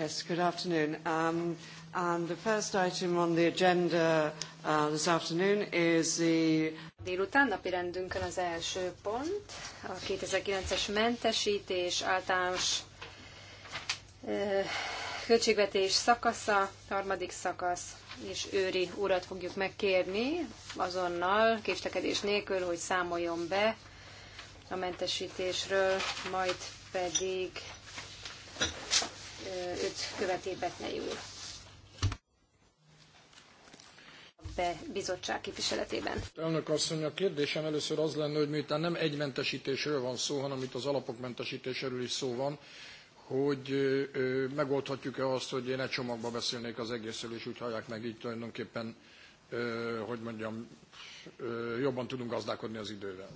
Yes, good afternoon. Um, and the first item on the agenda uh, this afternoon is the Délután napirendünkön az első pont, a 2009-es mentesítés általános uh, költségvetés szakasza, harmadik szakasz, és Őri urat fogjuk megkérni azonnal, késlekedés nélkül, hogy számoljon be a mentesítésről, majd pedig őt követi Betnei úr. Be bizottság képviseletében. Elnök asszony, a kérdésem először az lenne, hogy miután nem egy mentesítésről van szó, hanem itt az alapok mentesítéséről is szó van, hogy megoldhatjuk-e azt, hogy én egy csomagba beszélnék az egészről, és úgy hallják meg így tulajdonképpen, hogy mondjam, jobban tudunk gazdálkodni az idővel.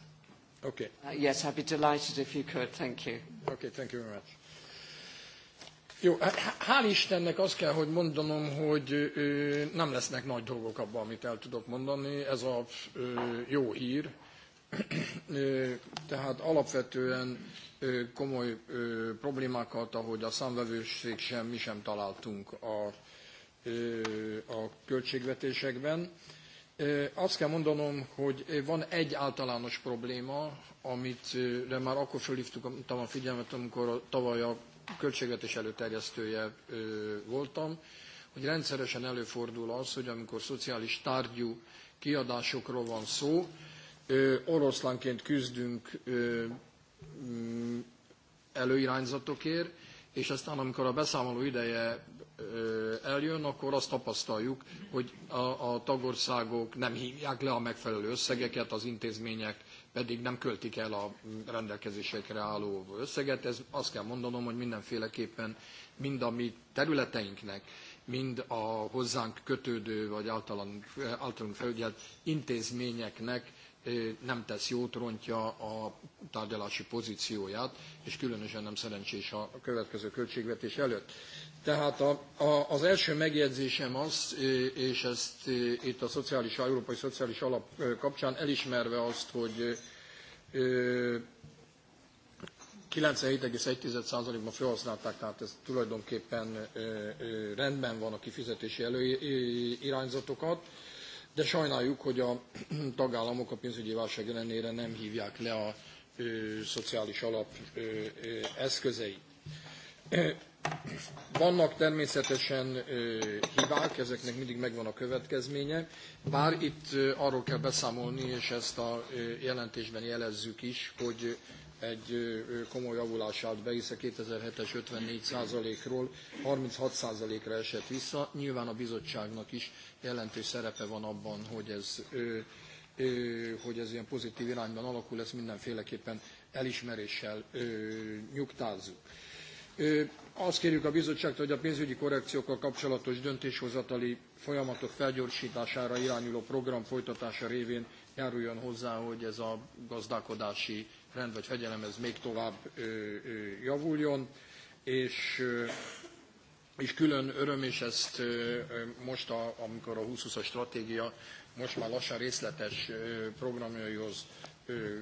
Okay. Uh, yes, I'd be delighted if you could. Thank you. Okay, thank you very much. Jó, hát hál' Istennek azt kell, hogy mondanom, hogy nem lesznek nagy dolgok abban, amit el tudok mondani. Ez a jó hír. Tehát alapvetően komoly problémákat, ahogy a számvevőség sem, mi sem találtunk a, a költségvetésekben. Azt kell mondanom, hogy van egy általános probléma, amit de már akkor fölhívtuk a figyelmet, amikor tavaly a költségvetés előterjesztője voltam, hogy rendszeresen előfordul az, hogy amikor szociális tárgyú kiadásokról van szó, oroszlánként küzdünk mm, előirányzatokért, és aztán amikor a beszámoló ideje eljön, akkor azt tapasztaljuk, hogy a, a tagországok nem hívják le a megfelelő összegeket, az intézmények pedig nem költik el a rendelkezésekre álló összeget. Ez azt kell mondanom, hogy mindenféleképpen mind a mi területeinknek, mind a hozzánk kötődő vagy általán, általunk felügyelt intézményeknek nem tesz jót, rontja a tárgyalási pozícióját, és különösen nem szerencsés a következő költségvetés előtt. Tehát a, a, az első megjegyzésem az, és ezt itt a szociális, Európai Szociális Alap kapcsán elismerve azt, hogy 97,1%-ban felhasználták, tehát ez tulajdonképpen rendben van a kifizetési előirányzatokat, de sajnáljuk, hogy a tagállamok a pénzügyi válság ellenére nem hívják le a szociális alap eszközeit. Vannak természetesen hibák, ezeknek mindig megvan a következménye, bár itt arról kell beszámolni, és ezt a jelentésben jelezzük is, hogy egy komoly javulás állt be, hiszen a 2007-es 54%-ról 36%-ra esett vissza. Nyilván a bizottságnak is jelentős szerepe van abban, hogy ez, hogy ez ilyen pozitív irányban alakul, ezt mindenféleképpen elismeréssel nyugtázzuk. Azt kérjük a bizottságtól, hogy a pénzügyi korrekciókkal kapcsolatos döntéshozatali folyamatok felgyorsítására irányuló program folytatása révén járuljon hozzá, hogy ez a gazdálkodási rend vagy fegyelem ez még tovább ö, ö, javuljon, és, ö, és külön öröm, és ezt ö, most, a, amikor a 2020-as stratégia most már lassan részletes programjaihoz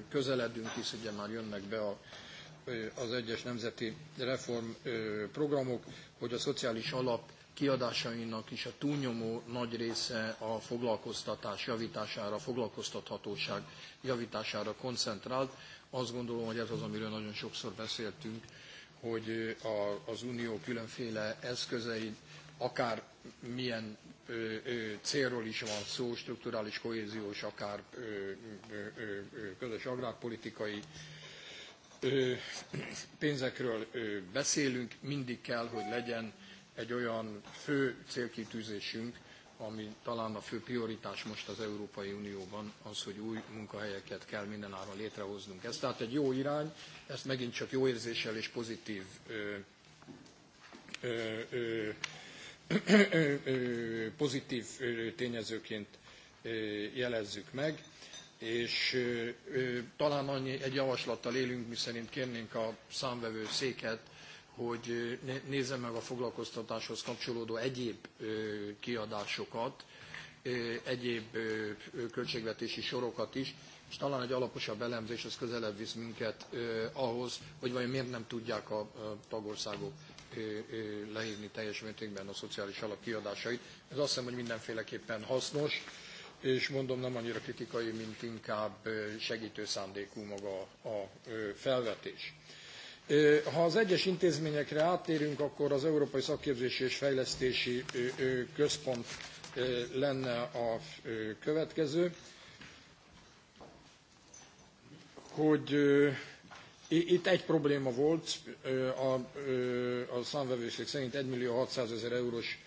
közeledünk, hisz ugye már jönnek be a az egyes nemzeti reformprogramok, hogy a szociális alap kiadásainak is a túlnyomó nagy része a foglalkoztatás javítására, a foglalkoztathatóság javítására koncentrált. Azt gondolom, hogy ez az, amiről nagyon sokszor beszéltünk, hogy a, az unió különféle eszközei, akár milyen célról is van szó, strukturális kohéziós, akár közös agrárpolitikai pénzekről beszélünk, mindig kell, hogy legyen egy olyan fő célkitűzésünk, ami talán a fő prioritás most az Európai Unióban, az, hogy új munkahelyeket kell mindenáron létrehoznunk. Ez tehát egy jó irány, ezt megint csak jó érzéssel és pozitív ö, ö, ö, pozitív tényezőként jelezzük meg és talán annyi egy javaslattal élünk, miszerint kérnénk a számvevő széket, hogy nézze meg a foglalkoztatáshoz kapcsolódó egyéb kiadásokat, egyéb költségvetési sorokat is, és talán egy alaposabb elemzés az közelebb visz minket ahhoz, hogy vajon miért nem tudják a tagországok lehívni teljes mértékben a szociális alap kiadásait. Ez azt hiszem, hogy mindenféleképpen hasznos, és mondom, nem annyira kritikai, mint inkább segítő szándékú maga a felvetés. Ha az egyes intézményekre áttérünk, akkor az Európai Szakképzési és Fejlesztési Központ lenne a következő, hogy itt egy probléma volt, a, a számvevőszék szerint 1 millió 600 ezer eurós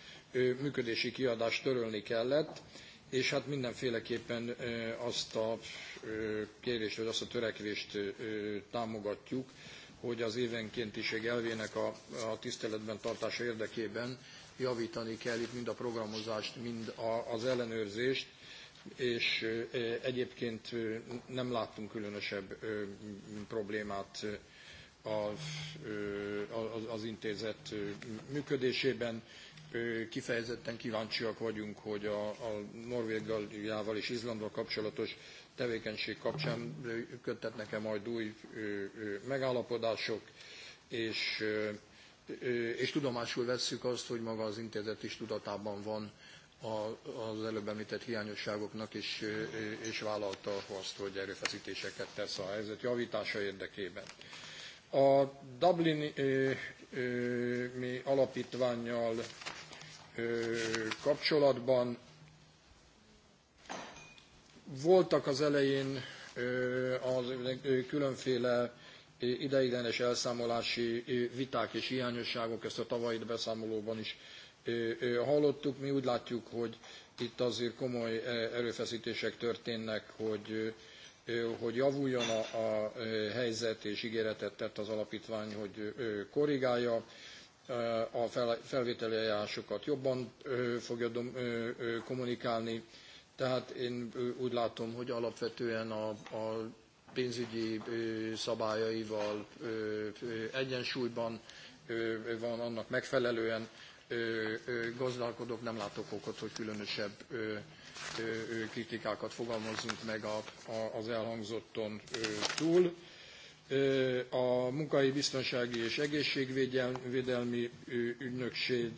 működési kiadást törölni kellett, és hát mindenféleképpen azt a kérést, vagy azt a törekvést támogatjuk, hogy az évenkéntiség elvének a, a tiszteletben tartása érdekében javítani kell itt mind a programozást, mind a, az ellenőrzést, és egyébként nem láttunk különösebb problémát az intézet működésében kifejezetten kíváncsiak vagyunk, hogy a, a Norvégiával és Izlandval kapcsolatos tevékenység kapcsán köttetnek-e majd új megállapodások, és, és tudomásul vesszük azt, hogy maga az intézet is tudatában van az előbb említett hiányosságoknak, és, és vállalta azt, hogy erőfeszítéseket tesz a helyzet javítása érdekében. A Dublin mi alapítványjal kapcsolatban voltak az elején az különféle ideiglenes elszámolási viták és hiányosságok, ezt a tavalyi beszámolóban is hallottuk. Mi úgy látjuk, hogy itt azért komoly erőfeszítések történnek, hogy, hogy javuljon a, a helyzet, és ígéretet tett az alapítvány, hogy korrigálja a felvételi ajánlásokat jobban fogja kommunikálni. Tehát én úgy látom, hogy alapvetően a, a pénzügyi szabályaival egyensúlyban van annak megfelelően Gazdálkodok, nem látok okot, hogy különösebb kritikákat fogalmazzunk meg az elhangzotton túl a munkai biztonsági és egészségvédelmi ügynökség,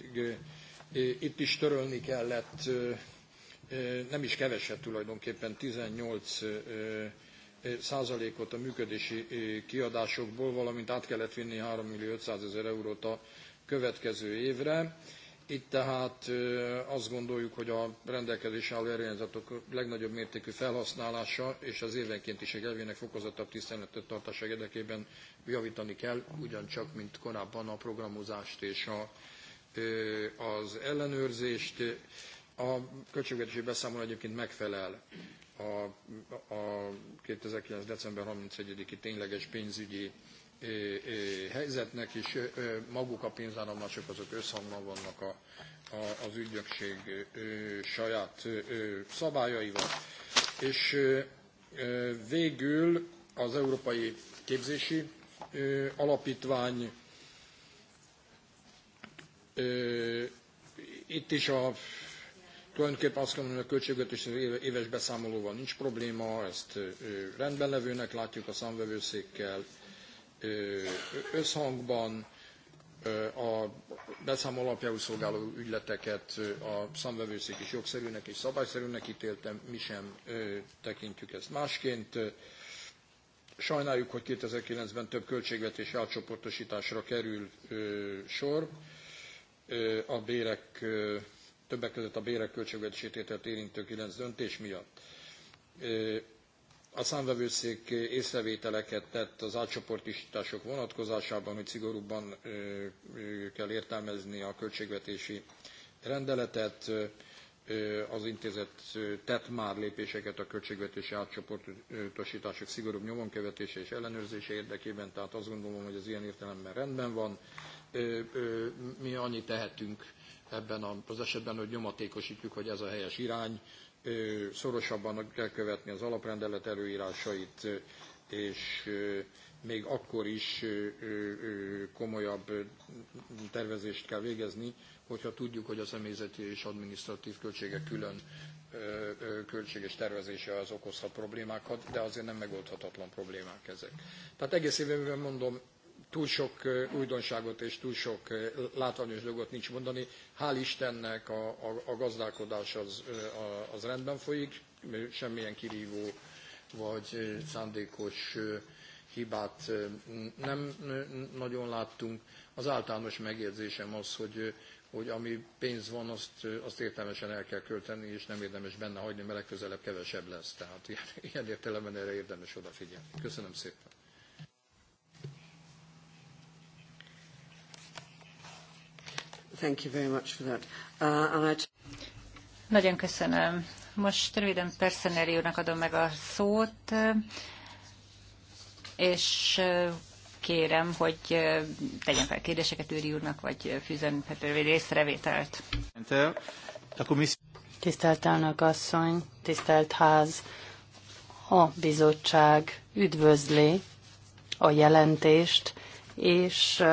itt is törölni kellett, nem is keveset tulajdonképpen 18 százalékot a működési kiadásokból, valamint át kellett vinni 3 millió 500 ezer eurót a következő évre. Itt tehát azt gondoljuk, hogy a rendelkezés álló erőnyzatok legnagyobb mértékű felhasználása és az is elvének fokozottabb tiszteletet tartása érdekében javítani kell, ugyancsak, mint korábban a programozást és a, az ellenőrzést. A költségvetési beszámoló egyébként megfelel a, a 2009. december 31-i tényleges pénzügyi helyzetnek, és maguk a pénzáramlások azok összhangban vannak a, a, az ügynökség saját szabályaival. És végül az Európai Képzési Alapítvány itt is a tulajdonképpen azt kell mondani, hogy a költségvetés éves beszámolóval nincs probléma, ezt rendben levőnek látjuk a számvevőszékkel, összhangban a beszámoló alapjául szolgáló ügyleteket a számvevőszék is jogszerűnek és szabályszerűnek ítéltem, mi sem tekintjük ezt másként. Sajnáljuk, hogy 2009-ben több költségvetés átcsoportosításra kerül sor. A bérek, többek között a bérek költségvetését érintő 9 döntés miatt a számvevőszék észrevételeket tett az átcsoportosítások vonatkozásában, hogy szigorúbban kell értelmezni a költségvetési rendeletet. Az intézet tett már lépéseket a költségvetési átcsoportosítások szigorúbb nyomon követése és ellenőrzése érdekében, tehát azt gondolom, hogy az ilyen értelemben rendben van. Mi annyit tehetünk ebben az esetben, hogy nyomatékosítjuk, hogy ez a helyes irány, szorosabban kell követni az alaprendelet előírásait, és még akkor is komolyabb tervezést kell végezni, hogyha tudjuk, hogy a személyzeti és adminisztratív költségek külön költséges tervezése az okozhat problémákat, de azért nem megoldhatatlan problémák ezek. Tehát egész évben mondom, túl sok újdonságot és túl sok látványos dolgot nincs mondani. Hál' Istennek a, a, a gazdálkodás az, a, az rendben folyik, semmilyen kirívó vagy szándékos hibát nem nagyon láttunk. Az általános megjegyzésem az, hogy, hogy ami pénz van, azt, azt értelmesen el kell költeni, és nem érdemes benne hagyni, mert legközelebb kevesebb lesz. Tehát ilyen, ilyen értelemben erre érdemes odafigyelni. Köszönöm szépen. Thank you very much for that. Uh, and I... Nagyon köszönöm. Most röviden Perszeneri úrnak adom meg a szót, és kérem, hogy tegyen fel kérdéseket Őri úrnak, vagy fűzön Petővé észrevételt. Tisztelt elnök asszony, tisztelt ház, a bizottság üdvözli a jelentést, és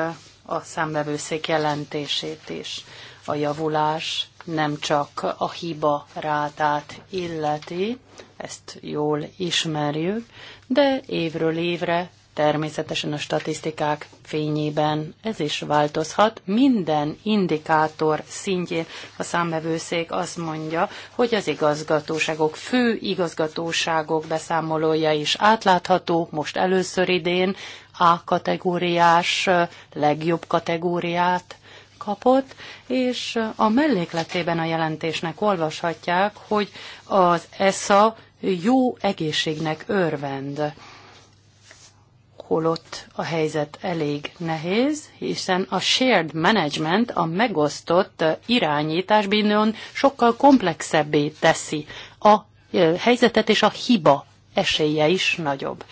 a számvevőszék jelentését is. A javulás nem csak a hiba rátát illeti, ezt jól ismerjük, de évről évre természetesen a statisztikák fényében ez is változhat. Minden indikátor szintjén a számvevőszék azt mondja, hogy az igazgatóságok, fő igazgatóságok beszámolója is átlátható, most először idén a kategóriás legjobb kategóriát kapott, és a mellékletében a jelentésnek olvashatják, hogy az ESA jó egészségnek örvend holott a helyzet elég nehéz, hiszen a shared management, a megosztott irányítás bizony sokkal komplexebbé teszi a helyzetet, és a hiba esélye is nagyobb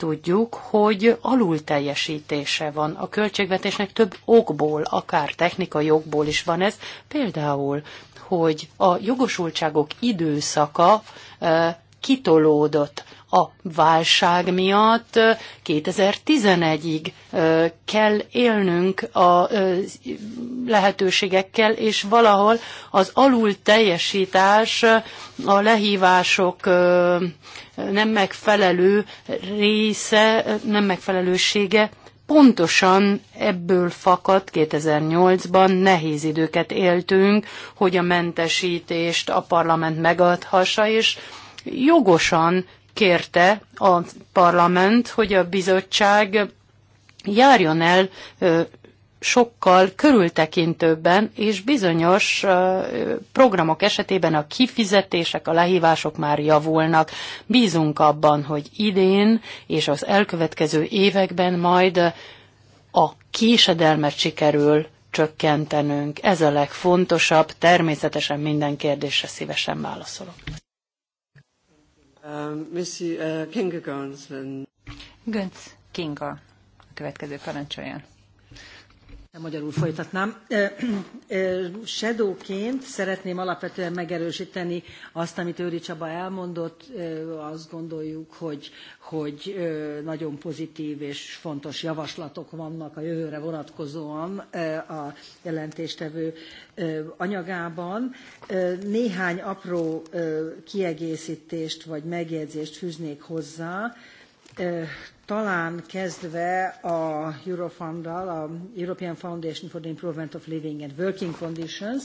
tudjuk, hogy alul teljesítése van a költségvetésnek több okból, akár technikai okból is van ez. Például, hogy a jogosultságok időszaka eh, kitolódott a válság miatt 2011-ig kell élnünk a lehetőségekkel, és valahol az alul teljesítás a lehívások nem megfelelő része, nem megfelelősége pontosan ebből fakadt 2008-ban nehéz időket éltünk, hogy a mentesítést a parlament megadhassa, és jogosan kérte a parlament, hogy a bizottság járjon el sokkal körültekintőbben, és bizonyos programok esetében a kifizetések, a lehívások már javulnak. Bízunk abban, hogy idén és az elkövetkező években majd a késedelmet sikerül csökkentenünk. Ez a legfontosabb, természetesen minden kérdésre szívesen válaszolok. Monsieur um, uh, Kinga Gönz. Kinga. A következő parancsoljon. Magyarul folytatnám. Shadowként szeretném alapvetően megerősíteni azt, amit Őri Csaba elmondott. Azt gondoljuk, hogy, hogy nagyon pozitív és fontos javaslatok vannak a jövőre vonatkozóan a jelentéstevő anyagában. Néhány apró kiegészítést vagy megjegyzést fűznék hozzá talán kezdve a Eurofunddal, a European Foundation for the Improvement of Living and Working Conditions,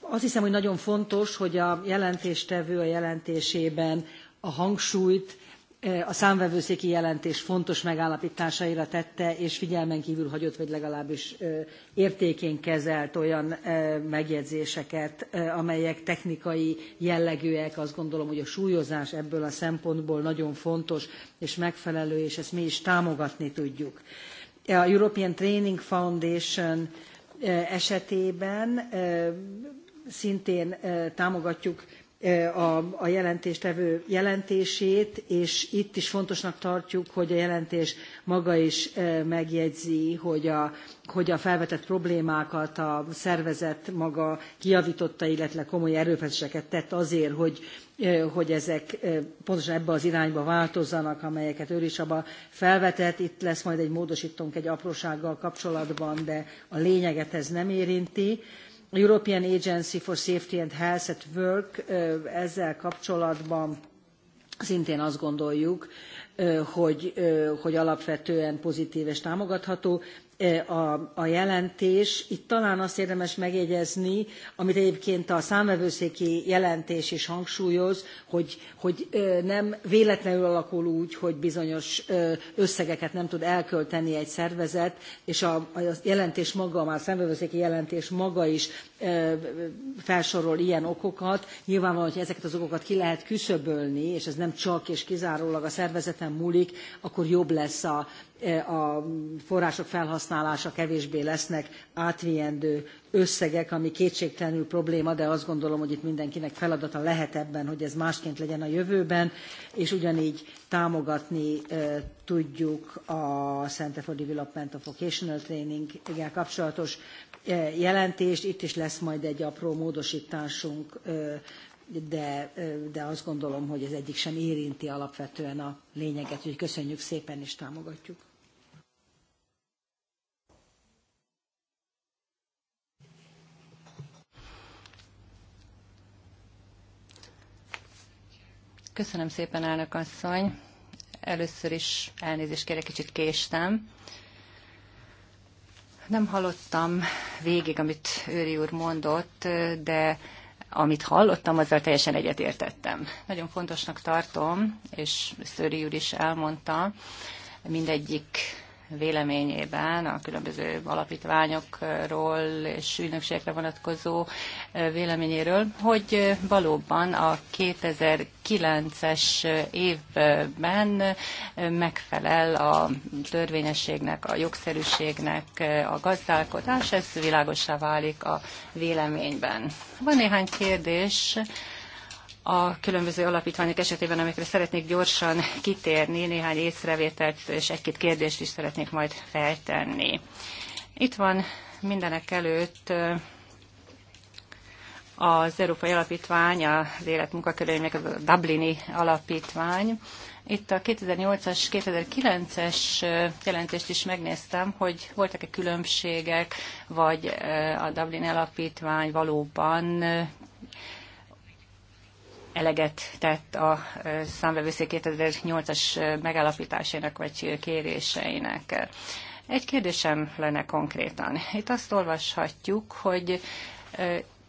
azt hiszem, hogy nagyon fontos, hogy a jelentéstevő a jelentésében a hangsúlyt Eh, a számvevőszéki jelentés fontos megállapításaira tette, és figyelmen kívül hagyott, vagy legalábbis értékén kezelt olyan megjegyzéseket, amelyek technikai jellegűek. Azt gondolom, hogy a súlyozás ebből a szempontból nagyon fontos és megfelelő, és ezt mi is támogatni tudjuk. A European Training Foundation esetében szintén támogatjuk Eh, a, a jelentéstevő jelentését, és itt is fontosnak tartjuk, hogy a jelentés maga is eh, megjegyzi, hogy a, hogy a felvetett problémákat a szervezet maga kiavította illetve komoly erőfeszítéseket tett azért, hogy, eh, hogy ezek pontosan ebbe az irányba változzanak, amelyeket ő is abba felvetett. Itt lesz majd egy módosítónk egy aprósággal kapcsolatban, de a lényeget ez nem érinti. European Agency for Safety and Health at Work ezzel kapcsolatban szintén azt gondoljuk, hogy, alapvetően pozitv és támogatható a, a jelentés. Itt talán azt érdemes megjegyezni, amit egyébként a számvevőszéki jelentés is hangsúlyoz, hogy, hogy nem véletlenül alakul úgy, hogy bizonyos összegeket nem tud elkölteni egy szervezet, és a, a jelentés maga, már a számvevőszéki jelentés maga is felsorol ilyen okokat. Nyilvánvalóan, hogy ezeket az okokat ki lehet küszöbölni, és ez nem csak és kizárólag a szervezeten múlik, akkor jobb lesz a, a források felhasználása kevésbé lesznek átviendő összegek, ami kétségtelenül probléma, de azt gondolom, hogy itt mindenkinek feladata lehet ebben, hogy ez másként legyen a jövőben, és ugyanígy támogatni tudjuk a Center for Development of Vocational training kapcsolatos jelentést. Itt is lesz majd egy apró módosításunk de, de azt gondolom, hogy ez egyik sem érinti alapvetően a lényeget, hogy köszönjük szépen és támogatjuk. Köszönöm szépen, elnök asszony. Először is elnézést kérek, kicsit késtem. Nem hallottam végig, amit Őri úr mondott, de amit hallottam, azzal teljesen egyetértettem. Nagyon fontosnak tartom, és Szőri úr is elmondta, mindegyik véleményében a különböző alapítványokról és ügynökségekre vonatkozó véleményéről, hogy valóban a 2009-es évben megfelel a törvényességnek, a jogszerűségnek a gazdálkodás, ez világosá válik a véleményben. Van néhány kérdés, a különböző alapítványok esetében, amikre szeretnék gyorsan kitérni, néhány észrevételt és egy-két kérdést is szeretnék majd feltenni. Itt van mindenek előtt az Európai Alapítvány, az Élet az a Dublini Alapítvány. Itt a 2008-as, 2009-es jelentést is megnéztem, hogy voltak-e különbségek, vagy a Dublin Alapítvány valóban eleget tett a számvevőszék 2008-as megállapításának vagy kéréseinek. Egy kérdésem lenne konkrétan. Itt azt olvashatjuk, hogy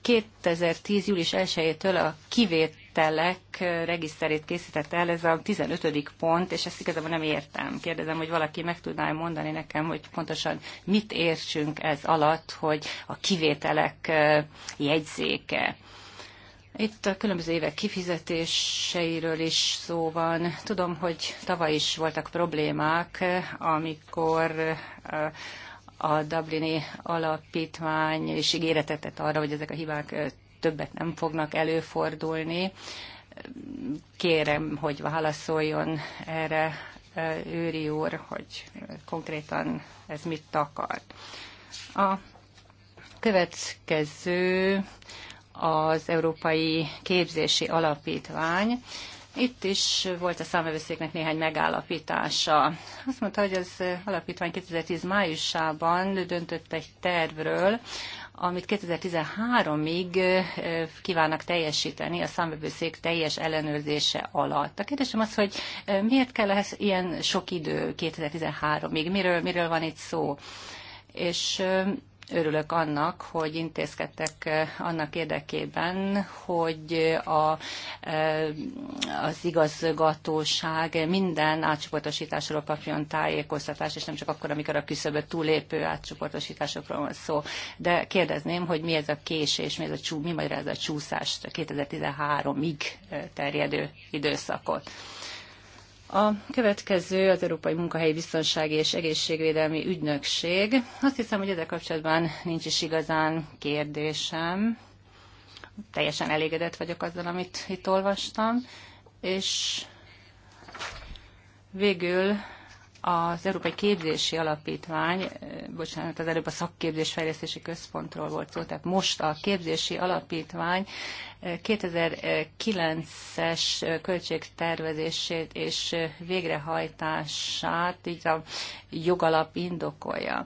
2010. július 1-től a kivételek regiszterét készítette el, ez a 15. pont, és ezt igazából nem értem. Kérdezem, hogy valaki meg tudná mondani nekem, hogy pontosan mit értsünk ez alatt, hogy a kivételek jegyzéke. Itt a különböző évek kifizetéseiről is szó van. Tudom, hogy tavaly is voltak problémák, amikor a Dublini alapítvány is ígéretetett arra, hogy ezek a hibák többet nem fognak előfordulni. Kérem, hogy válaszoljon erre Őri úr, hogy konkrétan ez mit akar. A következő az Európai Képzési Alapítvány. Itt is volt a számvevőszéknek néhány megállapítása. Azt mondta, hogy az alapítvány 2010 májusában döntött egy tervről, amit 2013-ig kívánnak teljesíteni a számvevőszék teljes ellenőrzése alatt. A kérdésem az, hogy miért kell ehhez ilyen sok idő 2013-ig? Miről, miről van itt szó? És örülök annak, hogy intézkedtek eh, annak érdekében, hogy a, eh, az igazgatóság minden átcsoportosításról kapjon tájékoztatást, és nem csak akkor, amikor a küszöböt túlépő átcsoportosításokról van szó. De kérdezném, hogy mi ez a késés, mi, ez a csú, mi magyar ez a csúszást a 2013-ig eh, terjedő időszakot. A következő az Európai Munkahelyi Biztonsági és Egészségvédelmi Ügynökség. Azt hiszem, hogy ezzel kapcsolatban nincs is igazán kérdésem. Teljesen elégedett vagyok azzal, amit itt olvastam. És végül az Európai Képzési Alapítvány, eh, bocsánat, az előbb a Szakképzés Fejlesztési Központról volt szó, tehát most a Képzési Alapítvány 2009-es eh, eh, költségtervezését és végrehajtását így a jogalap indokolja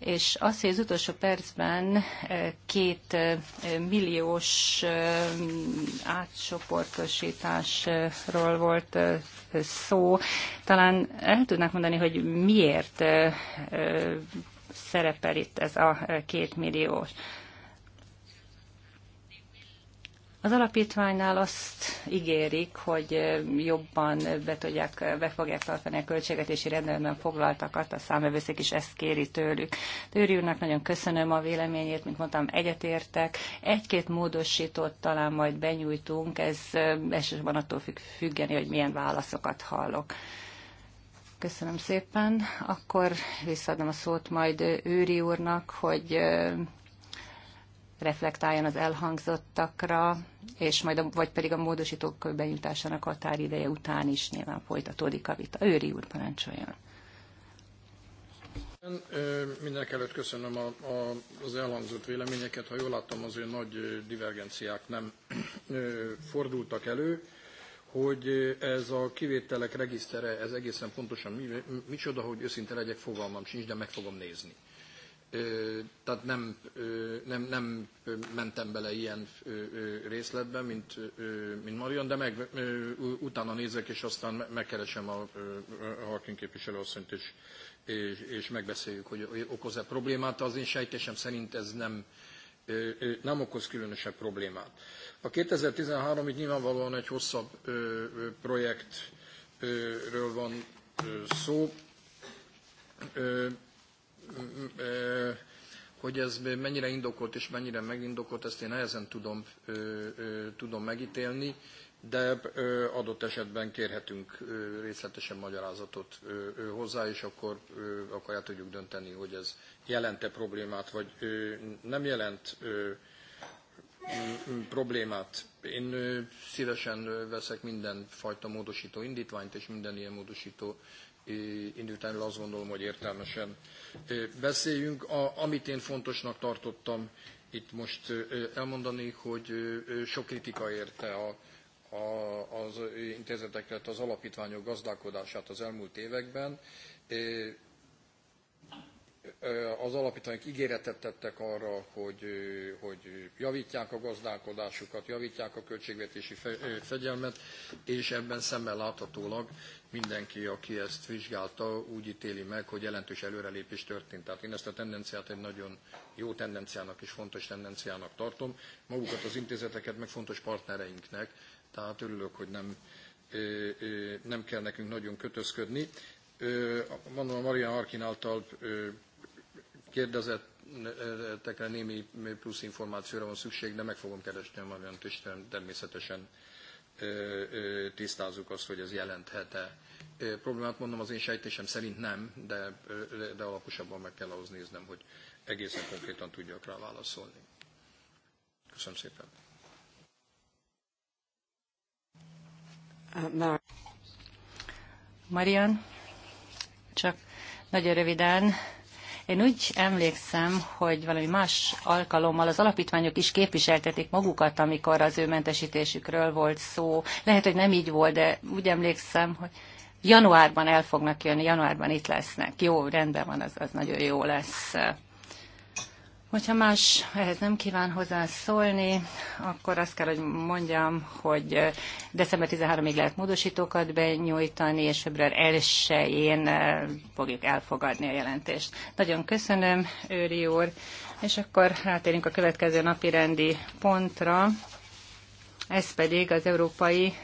és az, hogy az utolsó percben két milliós átcsoportosításról volt szó, talán el tudnák mondani, hogy miért szerepel itt ez a két milliós az alapítványnál azt ígérik, hogy jobban be, tudják, be fogják tartani a költségetési rendelben foglaltakat, a számövőszék is ezt kéri tőlük. Tőri úrnak nagyon köszönöm a véleményét, mint mondtam, egyetértek. Egy-két módosítót talán majd benyújtunk, ez elsősorban attól függ, függeni, hogy milyen válaszokat hallok. Köszönöm szépen. Akkor visszaadom a szót majd Őri úrnak, hogy reflektáljon az elhangzottakra, és majd a, vagy pedig a módosítók benyújtásának határideje után is nyilván folytatódik a vita. Őri úr, parancsoljon! Mindenek előtt köszönöm a, a, az elhangzott véleményeket. Ha jól láttam, azért nagy divergenciák nem fordultak elő, hogy ez a kivételek regisztere, ez egészen pontosan mi, micsoda, hogy őszinte legyek, fogalmam sincs, de meg fogom nézni tehát nem, nem, nem mentem bele ilyen részletbe, mint, mint Marion, de meg utána nézek, és aztán megkeresem a Harkin képviselőasszonyt, és, és, és megbeszéljük, hogy okoz-e problémát. Az én sejtésem szerint ez nem, nem okoz különösebb problémát. A 2013 itt nyilvánvalóan egy hosszabb projektről van szó hogy ez mennyire indokolt és mennyire megindokolt, ezt én nehezen tudom, tudom megítélni, de adott esetben kérhetünk részletesen magyarázatot hozzá, és akkor, akkor el tudjuk dönteni, hogy ez jelente problémát, vagy nem jelent problémát. Én szívesen veszek minden fajta módosító indítványt és minden ilyen módosító indítelmű, azt gondolom, hogy értelmesen beszéljünk. A, amit én fontosnak tartottam itt most elmondani, hogy sok kritika érte a, a, az intézeteket, az alapítványok gazdálkodását az elmúlt években az alapítványok ígéretet tettek arra, hogy, hogy javítják a gazdálkodásukat, javítják a költségvetési fegyelmet, és ebben szemmel láthatólag mindenki, aki ezt vizsgálta, úgy ítéli meg, hogy jelentős előrelépés történt. Tehát én ezt a tendenciát egy nagyon jó tendenciának és fontos tendenciának tartom. Magukat az intézeteket meg fontos partnereinknek, tehát örülök, hogy nem, nem kell nekünk nagyon kötözködni. Mondom, a Marian Harkin által kérdezettekre némi plusz információra van szükség, de meg fogom keresni a magant, és természetesen tisztázzuk azt, hogy ez jelenthet-e problémát. Mondom, az én sejtésem szerint nem, de, de alaposabban meg kell ahhoz néznem, hogy egészen konkrétan tudjak rá válaszolni. Köszönöm szépen. Uh, Marian, csak nagyon röviden én úgy emlékszem, hogy valami más alkalommal az alapítványok is képviseltetik magukat, amikor az ő mentesítésükről volt szó. Lehet, hogy nem így volt, de úgy emlékszem, hogy januárban el fognak jönni, januárban itt lesznek. Jó, rendben van, az, az nagyon jó lesz. Hogyha más ehhez nem kíván hozzászólni, akkor azt kell, hogy mondjam, hogy eh, december 13-ig lehet módosítókat benyújtani, és február 1-én eh, fogjuk elfogadni a jelentést. Nagyon köszönöm, Őri úr, és akkor rátérünk a következő napi rendi pontra, ez pedig az Európai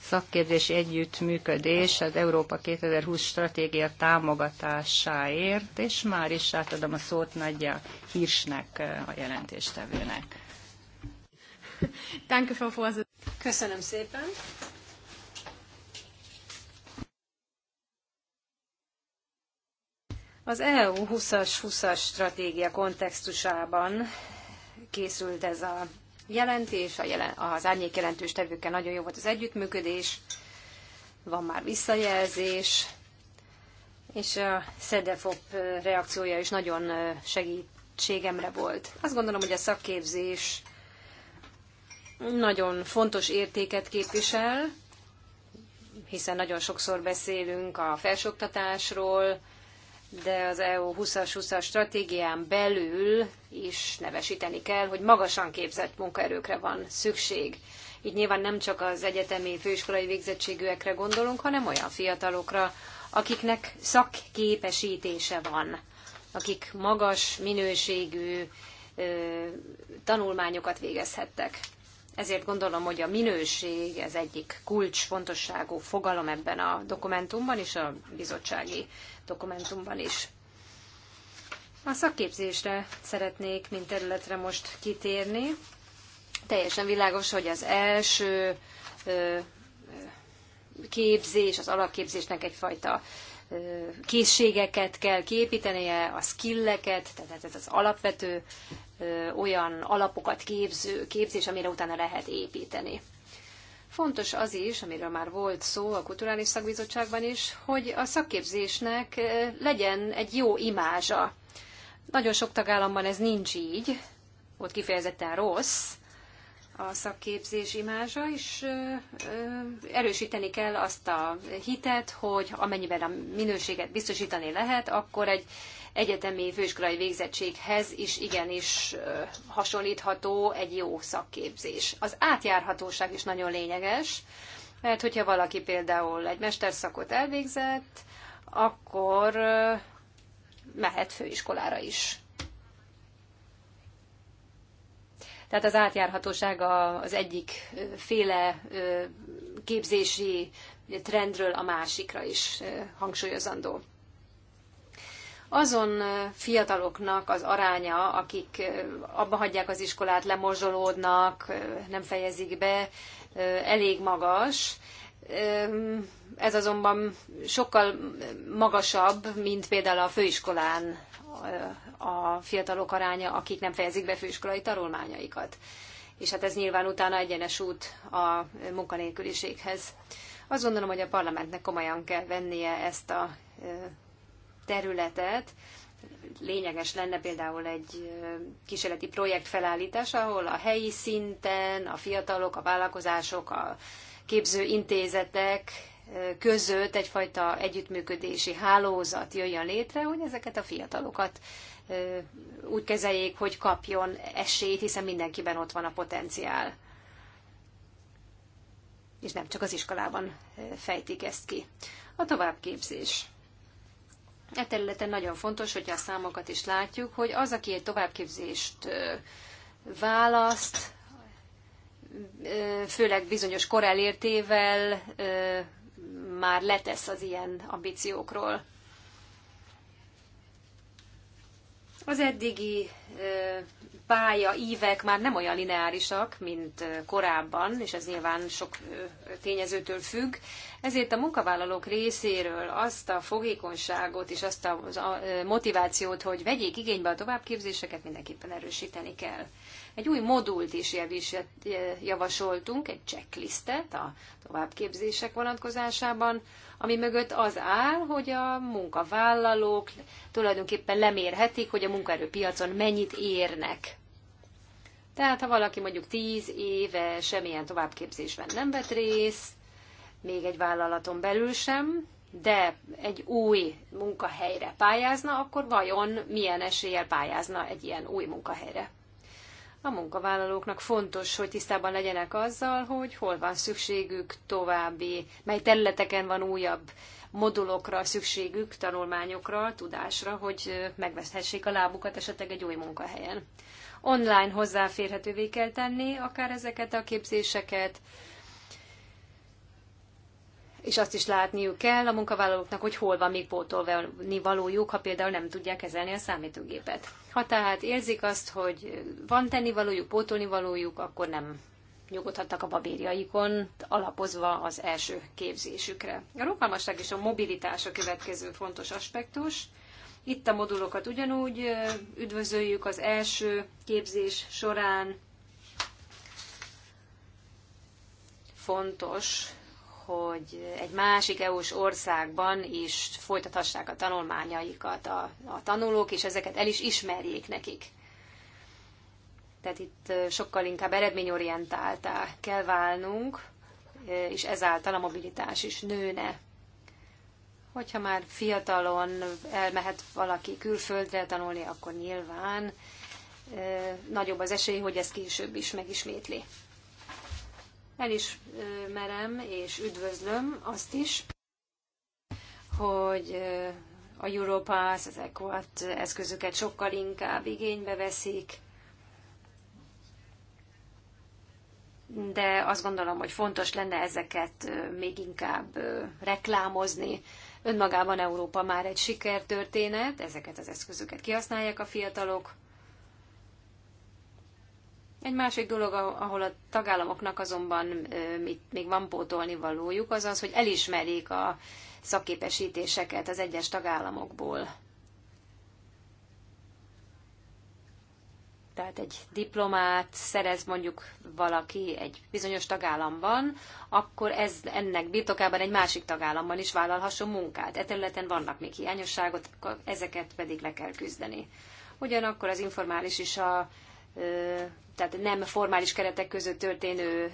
szakképzés együttműködés az Európa 2020 stratégia támogatásáért, és már is átadom a szót Nagyja Hírsnek, eh, a jelentéstevőnek. Köszönöm szépen! Az EU 20-as 20-as stratégia kontextusában készült ez a jelentés, a jelen, az árnyék jelentős tevőkkel nagyon jó volt az együttműködés, van már visszajelzés, és a SZEDEFOP reakciója is nagyon segítségemre volt. Azt gondolom, hogy a szakképzés nagyon fontos értéket képvisel, hiszen nagyon sokszor beszélünk a felsőoktatásról, de az EU 20 20-as stratégián belül is nevesíteni kell, hogy magasan képzett munkaerőkre van szükség. Így nyilván nem csak az egyetemi főiskolai végzettségűekre gondolunk, hanem olyan fiatalokra, akiknek szakképesítése van, akik magas minőségű ö, tanulmányokat végezhettek ezért gondolom, hogy a minőség az egyik kulcsfontosságú fogalom ebben a dokumentumban és a bizottsági dokumentumban is. A szakképzésre szeretnék, mint területre most kitérni. Teljesen világos, hogy az első képzés, az alapképzésnek egyfajta készségeket kell kiépítenie, a skilleket, tehát ez az alapvető olyan alapokat képző képzés, amire utána lehet építeni. Fontos az is, amiről már volt szó a Kulturális Szakbizottságban is, hogy a szakképzésnek legyen egy jó imázsa. Nagyon sok tagállamban ez nincs így, ott kifejezetten rossz, a szakképzés imázsa, és erősíteni kell azt a hitet, hogy amennyiben a minőséget biztosítani lehet, akkor egy egyetemi főiskolai végzettséghez is igenis hasonlítható egy jó szakképzés. Az átjárhatóság is nagyon lényeges, mert hogyha valaki például egy mesterszakot elvégzett, akkor mehet főiskolára is. Tehát az átjárhatóság az egyik féle képzési trendről a másikra is hangsúlyozandó. Azon fiataloknak az aránya, akik abba hagyják az iskolát, lemorzsolódnak, nem fejezik be, elég magas. Ez azonban sokkal magasabb, mint például a főiskolán a fiatalok aránya, akik nem fejezik be főiskolai tanulmányaikat. És hát ez nyilván utána egyenes út a munkanélküliséghez. Azt gondolom, hogy a parlamentnek komolyan kell vennie ezt a területet. Lényeges lenne például egy kísérleti projekt felállítása, ahol a helyi szinten a fiatalok, a vállalkozások, a képzőintézetek között egyfajta együttműködési hálózat jöjjön létre, hogy ezeket a fiatalokat úgy kezeljék, hogy kapjon esélyt, hiszen mindenkiben ott van a potenciál. És nem csak az iskolában fejtik ezt ki. A továbbképzés. E területen nagyon fontos, hogy a számokat is látjuk, hogy az, aki egy továbbképzést választ, főleg bizonyos kor elértével már letesz az ilyen ambíciókról. Az eddigi pálya ívek már nem olyan lineárisak, mint korábban, és ez nyilván sok tényezőtől függ, ezért a munkavállalók részéről azt a fogékonyságot és azt a motivációt, hogy vegyék igénybe a továbbképzéseket, mindenképpen erősíteni kell. Egy új modult is javasoltunk, egy checklistet a továbbképzések vonatkozásában, ami mögött az áll, hogy a munkavállalók tulajdonképpen lemérhetik, hogy a munkaerőpiacon mennyit érnek. Tehát, ha valaki mondjuk tíz éve semmilyen továbbképzésben nem vett részt, még egy vállalaton belül sem, de egy új munkahelyre pályázna, akkor vajon milyen eséllyel pályázna egy ilyen új munkahelyre? A munkavállalóknak fontos, hogy tisztában legyenek azzal, hogy hol van szükségük további, mely területeken van újabb modulokra szükségük, tanulmányokra, tudásra, hogy megveszhessék a lábukat esetleg egy új munkahelyen. Online hozzáférhetővé kell tenni akár ezeket a képzéseket, és azt is látniuk kell a munkavállalóknak, hogy hol van még pótolni valójuk, ha például nem tudják kezelni a számítógépet. Ha tehát érzik azt, hogy van tennivalójuk, pótolni valójuk, akkor nem nyugodhattak a babérjaikon, alapozva az első képzésükre. A rugalmasság és a mobilitás a következő fontos aspektus. Itt a modulokat ugyanúgy üdvözöljük az első képzés során. Fontos hogy egy másik EU-s országban is folytathassák a tanulmányaikat a, a tanulók, és ezeket el is ismerjék nekik. Tehát itt sokkal inkább eredményorientáltá kell válnunk, és ezáltal a mobilitás is nőne. Hogyha már fiatalon elmehet valaki külföldre tanulni, akkor nyilván nagyobb az esély, hogy ez később is megismétli. Elismerem és üdvözlöm azt is, hogy a Europass, az Equat eszközöket sokkal inkább igénybe veszik, de azt gondolom, hogy fontos lenne ezeket még inkább reklámozni. Önmagában Európa már egy sikertörténet, ezeket az eszközöket kihasználják a fiatalok, egy másik dolog, ahol a tagállamoknak azonban még van pótolni valójuk, az az, hogy elismerjék a szakképesítéseket az egyes tagállamokból. Tehát egy diplomát szerez mondjuk valaki egy bizonyos tagállamban, akkor ez ennek birtokában egy másik tagállamban is vállalhasson munkát. E területen vannak még hiányosságok, ezeket pedig le kell küzdeni. Ugyanakkor az informális is a tehát nem formális keretek között történő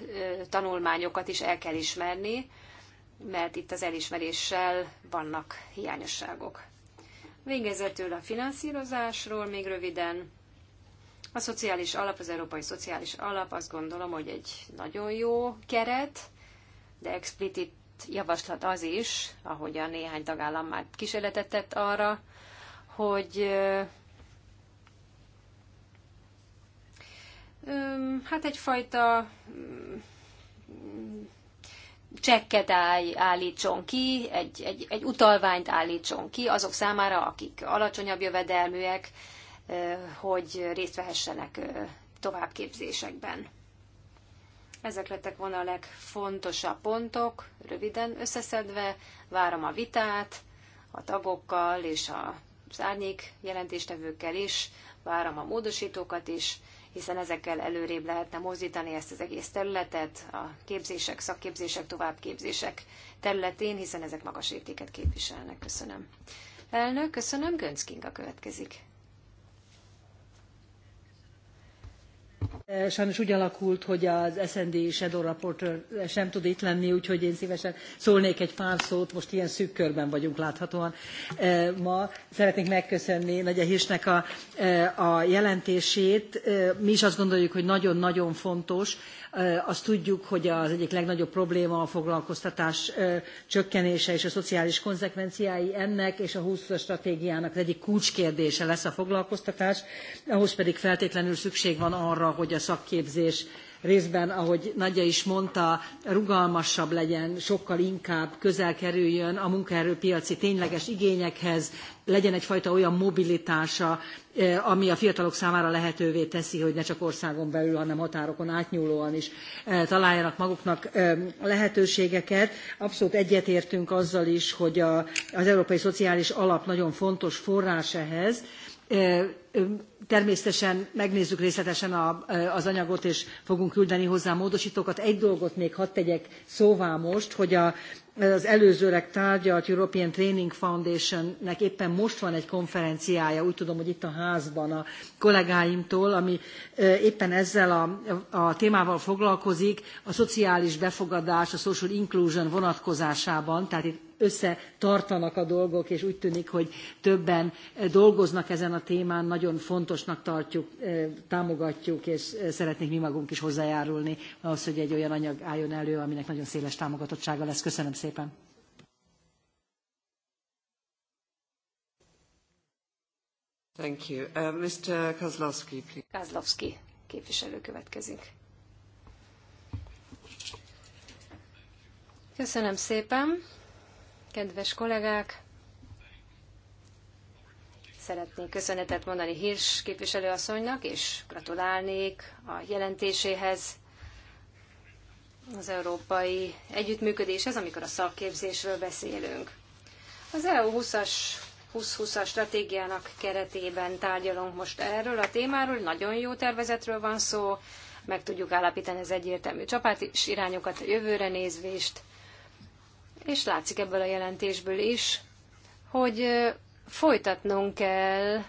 tanulmányokat is el kell ismerni, mert itt az elismeréssel vannak hiányosságok. Végezetül a finanszírozásról még röviden. A szociális alap, az Európai Szociális Alap azt gondolom, hogy egy nagyon jó keret, de explicit javaslat az is, ahogy a néhány tagállam már kísérletet tett arra, hogy hát egyfajta csekket állítson ki, egy, egy, egy utalványt állítson ki azok számára, akik alacsonyabb jövedelműek, hogy részt vehessenek továbbképzésekben. Ezek lettek volna a legfontosabb pontok, röviden összeszedve, várom a vitát a tagokkal és a árnyék jelentéstevőkkel is, várom a módosítókat is, hiszen ezekkel előrébb lehetne mozdítani ezt az egész területet, a képzések, szakképzések, továbbképzések területén, hiszen ezek magas értéket képviselnek. Köszönöm. Elnök, köszönöm. Gönc Kinga következik. E, sajnos úgy alakult, hogy az SND Shadow Rapporteur sem tud itt lenni, úgyhogy én szívesen szólnék egy pár szót, most ilyen szűk körben vagyunk láthatóan e, ma. Szeretnék megköszönni Nagy Hirsnek a, e, a jelentését. Mi is azt gondoljuk, hogy nagyon-nagyon fontos, azt tudjuk, hogy az egyik legnagyobb probléma a foglalkoztatás csökkenése és a szociális konzekvenciái ennek, és a 20 stratégiának az egyik kulcskérdése lesz a foglalkoztatás. Ahhoz pedig feltétlenül szükség van arra, hogy a szakképzés részben, ahogy Nagyja is mondta, rugalmasabb legyen, sokkal inkább közel kerüljön a munkaerőpiaci tényleges igényekhez, legyen egyfajta olyan mobilitása, eh, ami a fiatalok számára lehetővé teszi, hogy ne csak országon belül, hanem határokon átnyúlóan is eh, találjanak maguknak eh, lehetőségeket. Abszolút egyetértünk azzal is, hogy az Európai Szociális Alap nagyon fontos forrás ehhez, Természetesen megnézzük részletesen a, az anyagot, és fogunk küldeni hozzá módosítókat. Egy dolgot még hadd tegyek szóvá most, hogy a, az előzőleg tárgyalt European Training Foundation-nek éppen most van egy konferenciája, úgy tudom, hogy itt a házban a kollégáimtól, ami éppen ezzel a, a témával foglalkozik, a szociális befogadás, a social inclusion vonatkozásában, tehát itt összetartanak a dolgok, és úgy tűnik, hogy többen eh, dolgoznak ezen a témán, nagyon fontosnak tartjuk, eh, támogatjuk, és eh, szeretnénk mi magunk is hozzájárulni ahhoz, hogy egy olyan anyag álljon elő, aminek nagyon széles támogatottsága lesz. Köszönöm szépen! Thank you. Uh, Mr. Kozlowski, please. Kozlowski képviselő következik. Köszönöm szépen. Kedves kollégák! Szeretnék köszönetet mondani Hirsch képviselőasszonynak, és gratulálnék a jelentéséhez az európai együttműködéshez, amikor a szakképzésről beszélünk. Az EU 20-as 2020-as stratégiának keretében tárgyalunk most erről a témáról. Nagyon jó tervezetről van szó, meg tudjuk állapítani az egyértelmű csapát és irányokat a jövőre nézvést és látszik ebből a jelentésből is, hogy folytatnunk kell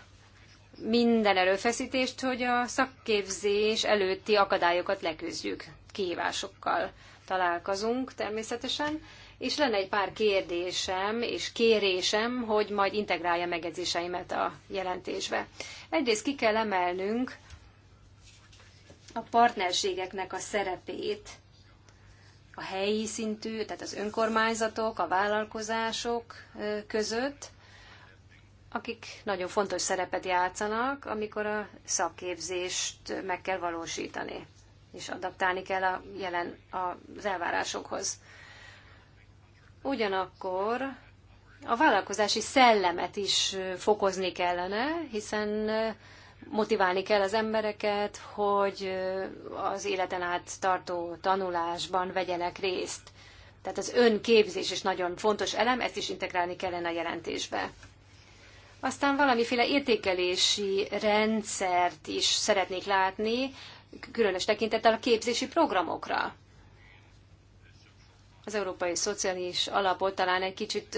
minden erőfeszítést, hogy a szakképzés előtti akadályokat leküzdjük. Kihívásokkal találkozunk természetesen, és lenne egy pár kérdésem és kérésem, hogy majd integrálja megedzéseimet a jelentésbe. Egyrészt ki kell emelnünk a partnerségeknek a szerepét a helyi szintű, tehát az önkormányzatok, a vállalkozások között, akik nagyon fontos szerepet játszanak, amikor a szakképzést meg kell valósítani, és adaptálni kell a jelen az elvárásokhoz. Ugyanakkor a vállalkozási szellemet is fokozni kellene, hiszen motiválni kell az embereket, hogy az életen át tartó tanulásban vegyenek részt. Tehát az önképzés is nagyon fontos elem, ezt is integrálni kellene a jelentésbe. Aztán valamiféle értékelési rendszert is szeretnék látni, különös tekintettel a képzési programokra az európai szociális alapot talán egy kicsit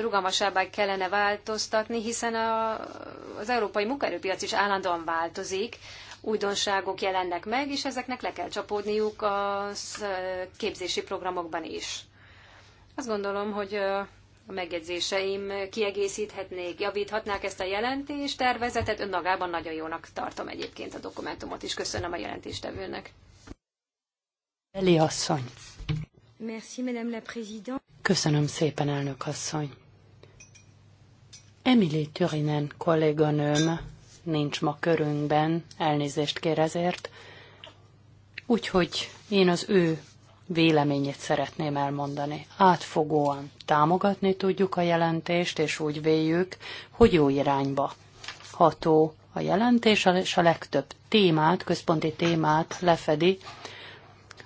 rugalmasabbá kellene változtatni, hiszen a, az európai munkaerőpiac is állandóan változik, újdonságok jelennek meg, és ezeknek le kell csapódniuk a képzési programokban is. Azt gondolom, hogy a megjegyzéseim kiegészíthetnék, javíthatnák ezt a jelentést, tervezetet. Önmagában nagyon jónak tartom egyébként a dokumentumot is. Köszönöm a jelentéstevőnek. Eli asszony. Köszönöm szépen, elnök asszony. Emily Törinen kolléganőm nincs ma körünkben, elnézést kér ezért, úgyhogy én az ő véleményét szeretném elmondani. Átfogóan támogatni tudjuk a jelentést, és úgy véljük, hogy jó irányba ható a jelentés, és a legtöbb témát, központi témát lefedi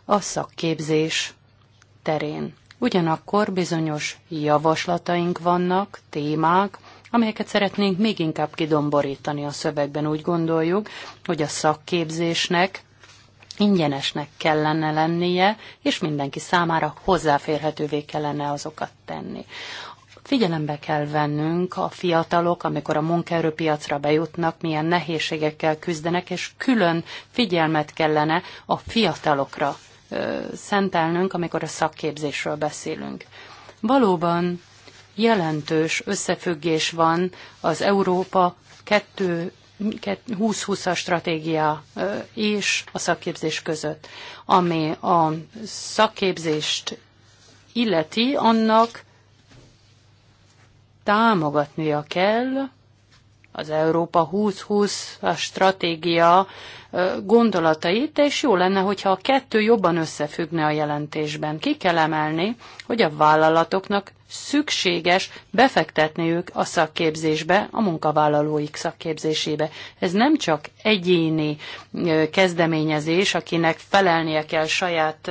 a szakképzés terén. Ugyanakkor bizonyos javaslataink vannak, témák, amelyeket szeretnénk még inkább kidomborítani a szövegben. Úgy gondoljuk, hogy a szakképzésnek ingyenesnek kellene lennie, és mindenki számára hozzáférhetővé kellene azokat tenni. Figyelembe kell vennünk a fiatalok, amikor a munkaerőpiacra bejutnak, milyen nehézségekkel küzdenek, és külön figyelmet kellene a fiatalokra szentelnünk, amikor a szakképzésről beszélünk. Valóban jelentős összefüggés van az Európa 2020-as stratégia és a szakképzés között, ami a szakképzést illeti, annak támogatnia kell az Európa 2020 a stratégia gondolatait, és jó lenne, hogyha a kettő jobban összefüggne a jelentésben. Ki kell emelni, hogy a vállalatoknak szükséges befektetniük a szakképzésbe, a munkavállalóik szakképzésébe. Ez nem csak egyéni kezdeményezés, akinek felelnie kell saját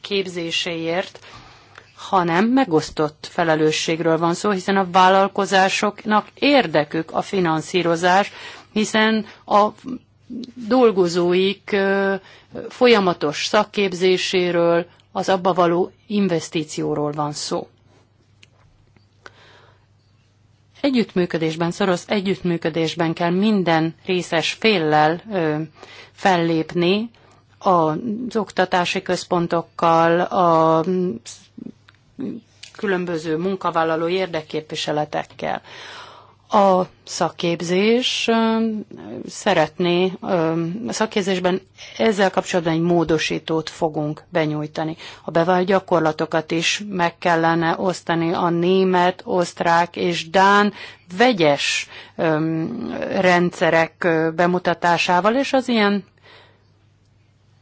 képzéséért, hanem megosztott felelősségről van szó, hiszen a vállalkozásoknak érdekük a finanszírozás, hiszen a dolgozóik folyamatos szakképzéséről, az abba való investícióról van szó. Együttműködésben, szoros együttműködésben kell minden részes féllel ö, fellépni, az oktatási központokkal, a különböző munkavállaló érdekképviseletekkel. A szakképzés szeretné, a szakképzésben ezzel kapcsolatban egy módosítót fogunk benyújtani. A bevált gyakorlatokat is meg kellene osztani a német, osztrák és dán vegyes rendszerek bemutatásával, és az ilyen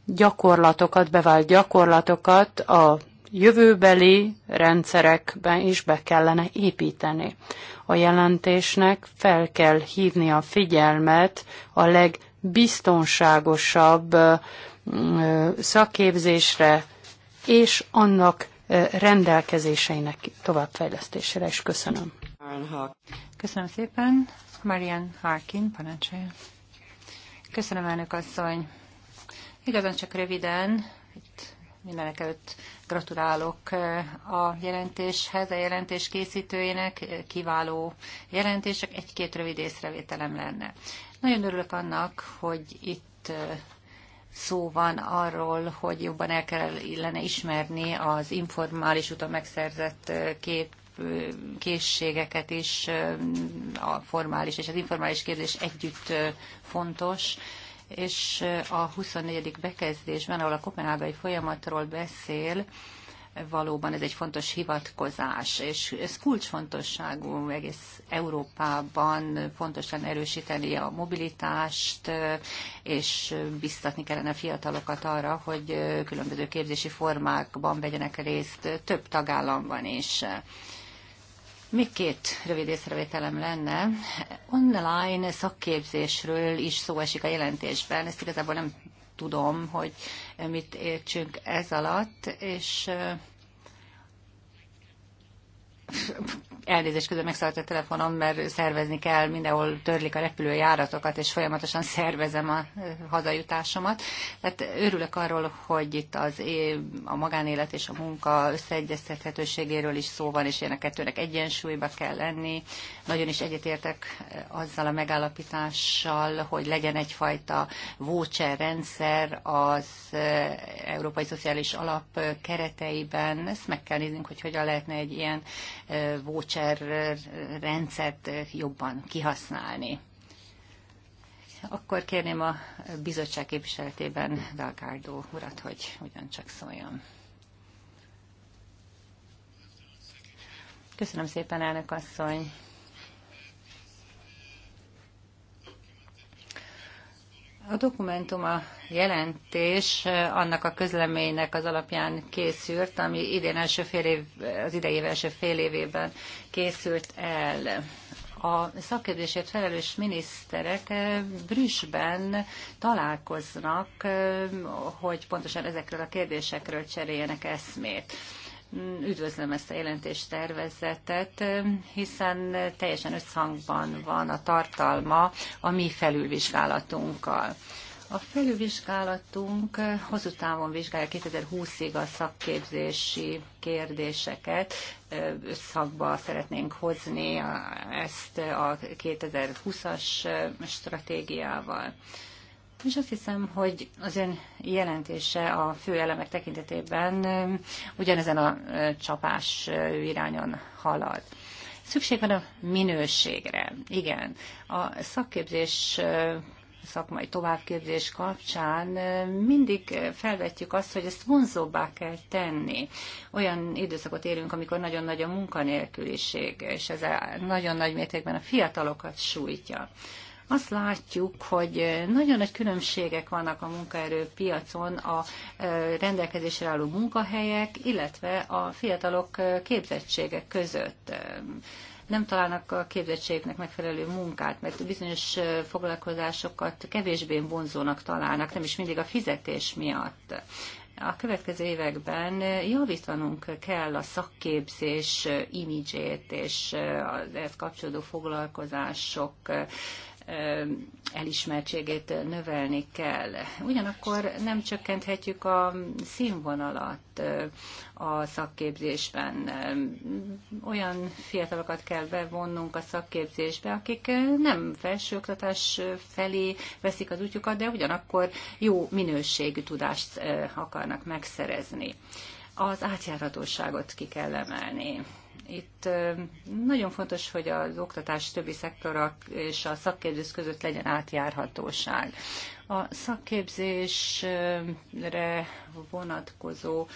gyakorlatokat, bevált gyakorlatokat a jövőbeli rendszerekben is be kellene építeni. A jelentésnek fel kell hívni a figyelmet a legbiztonságosabb szakképzésre és annak rendelkezéseinek továbbfejlesztésére is köszönöm. Köszönöm szépen. Marian Harkin, parancsolja. Köszönöm, elnök asszony. Igazán csak röviden, itt Mindenek előtt gratulálok eh, a jelentéshez, a jelentés készítőjének, eh, kiváló jelentések, egy-két rövid észrevételem lenne. Nagyon örülök annak, hogy itt eh, szó van arról, hogy jobban el kellene ismerni az informális úton megszerzett kép készségeket is, a formális és az informális kérdés együtt fontos, és eh, a 24. bekezdésben, ahol a kopenhágai folyamatról beszél, valóban ez egy fontos hivatkozás, és ez kulcsfontosságú egész Európában fontos lenne erősíteni a mobilitást, eh, és biztatni kellene a fiatalokat arra, hogy eh, különböző képzési formákban vegyenek részt több tagállamban is. Még két rövid észrevételem lenne. Online szakképzésről is szó esik a jelentésben. Ezt igazából nem tudom, hogy mit értsünk ez alatt, és Elnézést közben megszállt a telefonom, mert szervezni kell, mindenhol törlik a repülőjáratokat, és folyamatosan szervezem a hazajutásomat. Tehát örülök arról, hogy itt az é, a magánélet és a munka összeegyeztethetőségéről is szó van, és ilyen a kettőnek egyensúlyba kell lenni. Nagyon is egyetértek azzal a megállapítással, hogy legyen egyfajta voucher rendszer az Európai Szociális Alap kereteiben. Ezt meg kell néznünk, hogy hogyan lehetne egy ilyen voucher voucher rendszert jobban kihasználni. Akkor kérném a bizottság képviseletében Dalgárdó urat, hogy ugyancsak szóljon. Köszönöm szépen, elnök asszony! A dokumentum, a jelentés eh, annak a közleménynek az alapján készült, ami idén első fél év, eh, az idei év első fél évében készült el. A szakképzésért felelős miniszterek eh, Brüsszben találkoznak, hogy pontosan ezekről a kérdésekről cseréljenek eszmét. Üdvözlöm ezt a jelentéstervezetet, hiszen teljesen összhangban van a tartalma a mi felülvizsgálatunkkal. A felülvizsgálatunk hosszú távon vizsgálja 2020-ig a szakképzési kérdéseket. Összhangba szeretnénk hozni ezt a 2020-as stratégiával. És azt hiszem, hogy az ön jelentése a fő elemek tekintetében ugyanezen a csapás irányon halad. Szükség van a minőségre. Igen, a szakképzés szakmai továbbképzés kapcsán mindig felvetjük azt, hogy ezt vonzóbbá kell tenni. Olyan időszakot élünk, amikor nagyon nagy a munkanélküliség, és ez nagyon nagy mértékben a fiatalokat sújtja azt látjuk, hogy nagyon nagy különbségek vannak a munkaerőpiacon a rendelkezésre álló munkahelyek, illetve a fiatalok képzettségek között nem találnak a képzettségnek megfelelő munkát, mert bizonyos foglalkozásokat kevésbé vonzónak találnak, nem is mindig a fizetés miatt. A következő években javítanunk kell a szakképzés imidzsét és az ehhez kapcsolódó foglalkozások elismertségét növelni kell. Ugyanakkor nem csökkenthetjük a színvonalat a szakképzésben. Olyan fiatalokat kell bevonnunk a szakképzésbe, akik nem felsőoktatás felé veszik az útjukat, de ugyanakkor jó minőségű tudást akarnak megszerezni. Az átjárhatóságot ki kell emelni itt nagyon fontos, hogy az oktatás többi szektora és a szakképzés között legyen átjárhatóság. A szakképzésre vonatkozó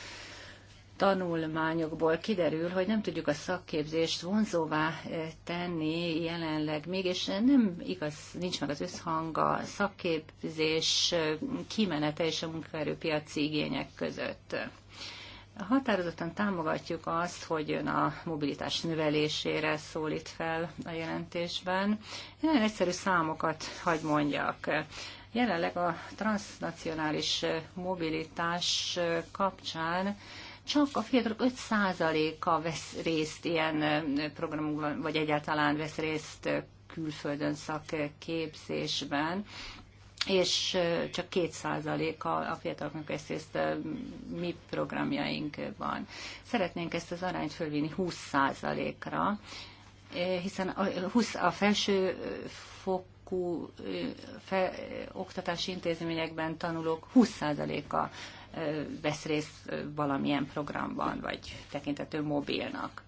tanulmányokból kiderül, hogy nem tudjuk a szakképzést vonzóvá tenni jelenleg még, és nem igaz, nincs meg az összhang a szakképzés kimenete és a munkaerőpiaci igények között. Határozottan támogatjuk azt, hogy ön a mobilitás növelésére szólít fel a jelentésben. Nagyon egyszerű számokat hagy mondjak. Jelenleg a transnacionális mobilitás kapcsán csak a fiatalok 5%-a vesz részt ilyen programokban, vagy egyáltalán vesz részt külföldön szakképzésben és csak két a a fiataloknak ezt a mi programjainkban. Szeretnénk ezt az arányt fölvinni 20 százalékra, hiszen a, 20, a felső fokú fe, oktatási intézményekben tanulók 20%-a vesz részt valamilyen programban, vagy tekintető mobilnak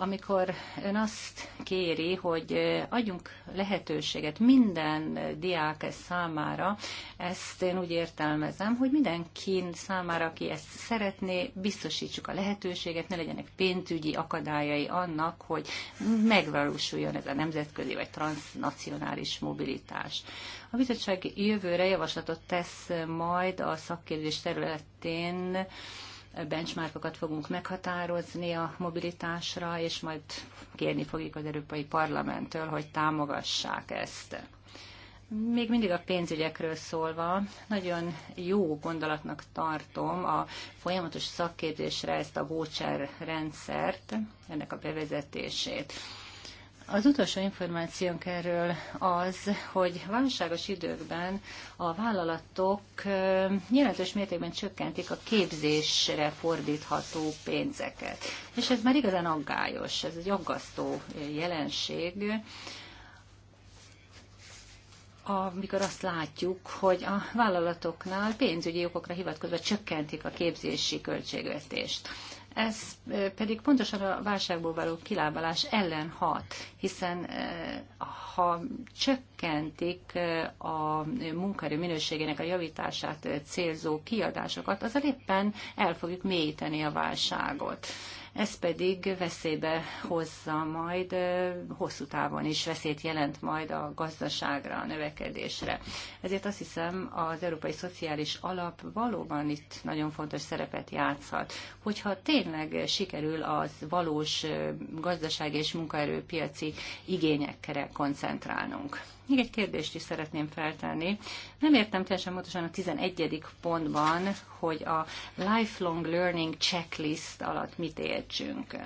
amikor ön azt kéri, hogy adjunk lehetőséget minden diák számára, ezt én úgy értelmezem, hogy mindenki számára, aki ezt szeretné, biztosítsuk a lehetőséget, ne legyenek pénzügyi akadályai annak, hogy megvalósuljon ez a nemzetközi vagy transnacionális mobilitás. A bizottság jövőre javaslatot tesz majd a szakképzés területén, benchmarkokat fogunk meghatározni a mobilitásra, és majd kérni fogjuk az Európai Parlamenttől, hogy támogassák ezt. Még mindig a pénzügyekről szólva, nagyon jó gondolatnak tartom a folyamatos szakképzésre ezt a voucher rendszert, ennek a bevezetését. Az utolsó információnk erről az, hogy válságos időkben a vállalatok jelentős mértékben csökkentik a képzésre fordítható pénzeket. És ez már igazán aggályos, ez egy aggasztó jelenség amikor azt látjuk, hogy a vállalatoknál pénzügyi okokra hivatkozva csökkentik a képzési költségvetést. Ez pedig pontosan a válságból való kilábalás ellen hat, hiszen ha csak csökkentik a munkaerő minőségének a javítását célzó kiadásokat, azzal éppen el fogjuk mélyíteni a válságot. Ez pedig veszélybe hozza majd, hosszú távon is veszélyt jelent majd a gazdaságra, a növekedésre. Ezért azt hiszem, az Európai Szociális Alap valóban itt nagyon fontos szerepet játszhat. Hogyha tényleg sikerül az valós gazdasági és munkaerőpiaci igényekre koncentrálnunk. Még egy kérdést is szeretném feltenni. Nem értem teljesen pontosan a 11. pontban, hogy a lifelong learning checklist alatt mit értsünk.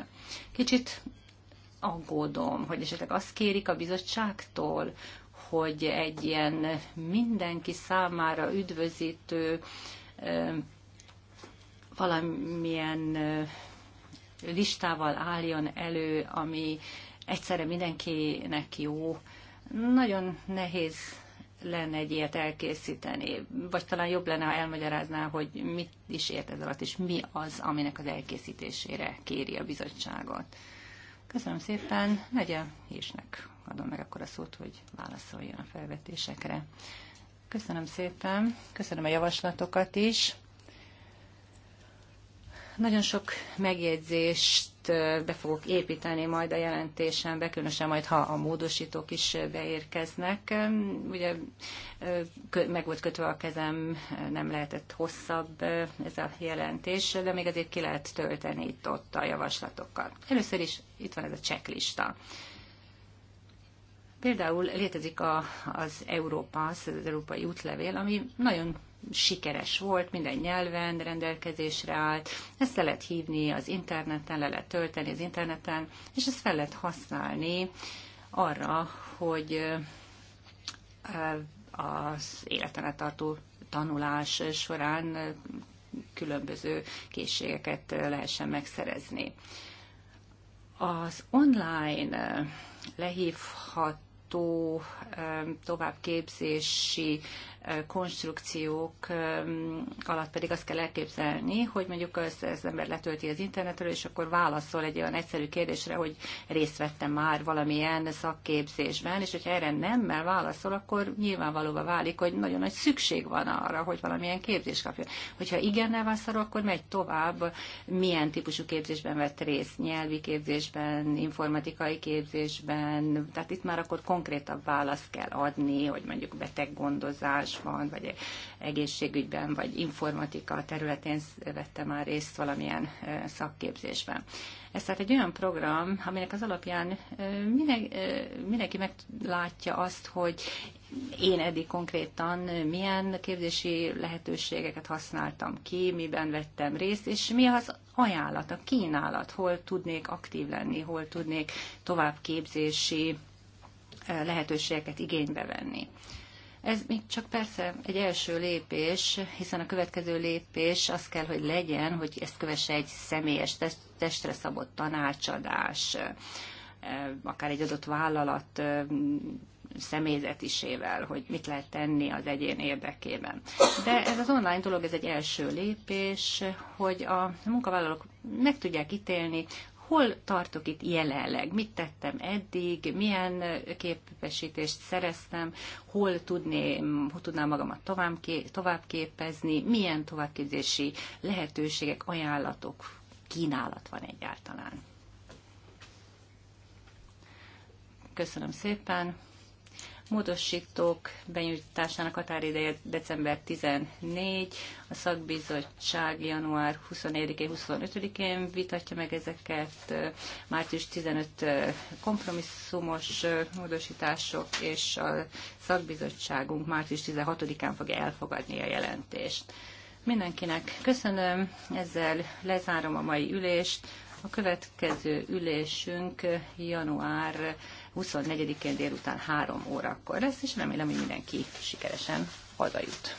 Kicsit aggódom, hogy esetleg azt kérik a bizottságtól, hogy egy ilyen mindenki számára üdvözítő valamilyen listával álljon elő, ami egyszerre mindenkinek jó, nagyon nehéz lenne egy ilyet elkészíteni, vagy talán jobb lenne, ha elmagyarázná, hogy mit is ért ez alatt, és mi az, aminek az elkészítésére kéri a bizottságot. Köszönöm szépen, Negye Hírsnek adom meg akkor a szót, hogy válaszoljon a felvetésekre. Köszönöm szépen, köszönöm a javaslatokat is. Nagyon sok megjegyzést be fogok építeni majd a jelentésembe, különösen majd, ha a módosítók is beérkeznek. Ugye meg volt kötve a kezem, nem lehetett hosszabb ez a jelentés, de még azért ki lehet tölteni itt-ott a javaslatokat. Először is itt van ez a checklista. Például létezik a, az Európa, az Európai Útlevél, ami nagyon sikeres volt, minden nyelven rendelkezésre állt, ezt le lehet hívni az interneten, le lehet tölteni az interneten, és ezt fel lehet használni arra, hogy az életen tartó tanulás során különböző készségeket lehessen megszerezni. Az online lehívható továbbképzési konstrukciók alatt pedig azt kell elképzelni, hogy mondjuk az, az ember letölti az internetről, és akkor válaszol egy olyan egyszerű kérdésre, hogy részt vettem már valamilyen szakképzésben, és hogyha erre nemmel válaszol, akkor nyilvánvalóvá válik, hogy nagyon nagy szükség van arra, hogy valamilyen képzés kapjon. Hogyha igennel válaszol, akkor megy tovább, milyen típusú képzésben vett részt, nyelvi képzésben, informatikai képzésben, tehát itt már akkor konkrétabb választ kell adni, hogy mondjuk beteggondozás, van vagy egészségügyben, vagy informatika területén vettem már részt valamilyen szakképzésben. Ez tehát egy olyan program, aminek az alapján mindenki meglátja azt, hogy én eddig konkrétan milyen képzési lehetőségeket használtam ki, miben vettem részt, és mi az ajánlat, a kínálat, hol tudnék aktív lenni, hol tudnék továbbképzési lehetőségeket igénybe venni. Ez még csak persze egy első lépés, hiszen a következő lépés az kell, hogy legyen, hogy ezt kövesse egy személyes testre szabott tanácsadás, akár egy adott vállalat személyzetisével, hogy mit lehet tenni az egyén érdekében. De ez az online dolog, ez egy első lépés, hogy a munkavállalók meg tudják ítélni, hol tartok itt jelenleg, mit tettem eddig, milyen képesítést szereztem, hol, tudném, hol tudnám magamat tovább, továbbképezni, milyen továbbképzési lehetőségek, ajánlatok, kínálat van egyáltalán. Köszönöm szépen! módosítók benyújtásának határideje december 14, a szakbizottság január 24-én, 25-én vitatja meg ezeket, március 15 kompromisszumos módosítások, és a szakbizottságunk március 16-án fogja elfogadni a jelentést. Mindenkinek köszönöm, ezzel lezárom a mai ülést. A következő ülésünk január 24-én délután 3 órakor lesz, és remélem, hogy mindenki sikeresen hazajut.